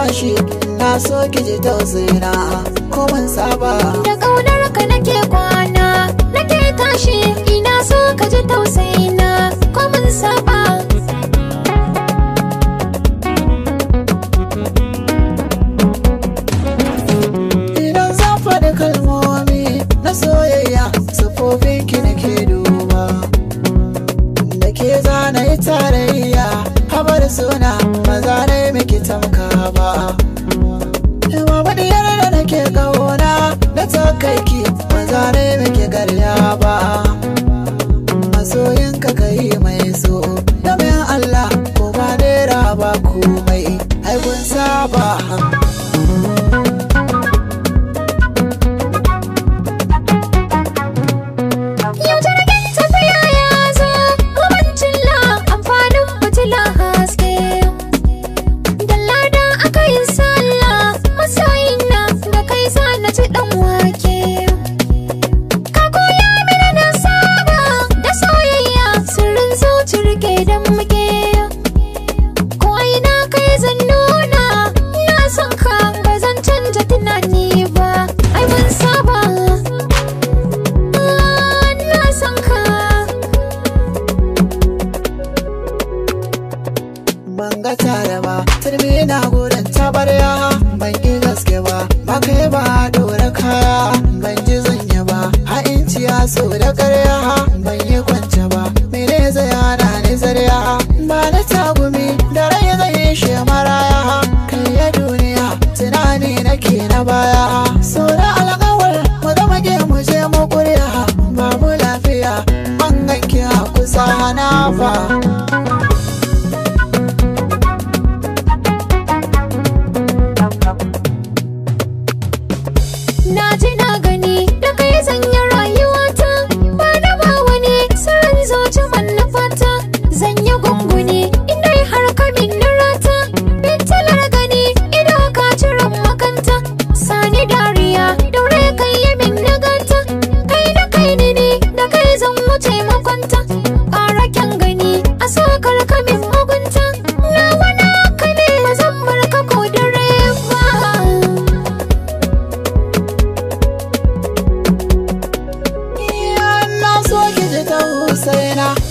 tashi na so ki ji tausayina saba da kaunar ka nake kwana nake tashi ina so ka ji tausayina ko saba idan za faɗi kalmomi na soyayya sufofin ki nake duba da ke zana yi tarayya habar suna ban ga ba turmi yana gurin tabarya ban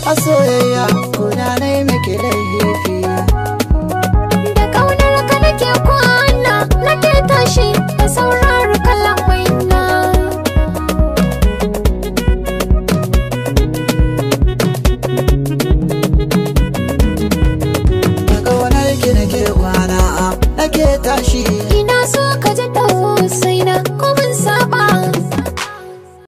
a soyayya kuna nai miki laifi da kaunar ka nake kwana nake tashi da saurar kallon waina da kaunar ki nake kwana nake tashi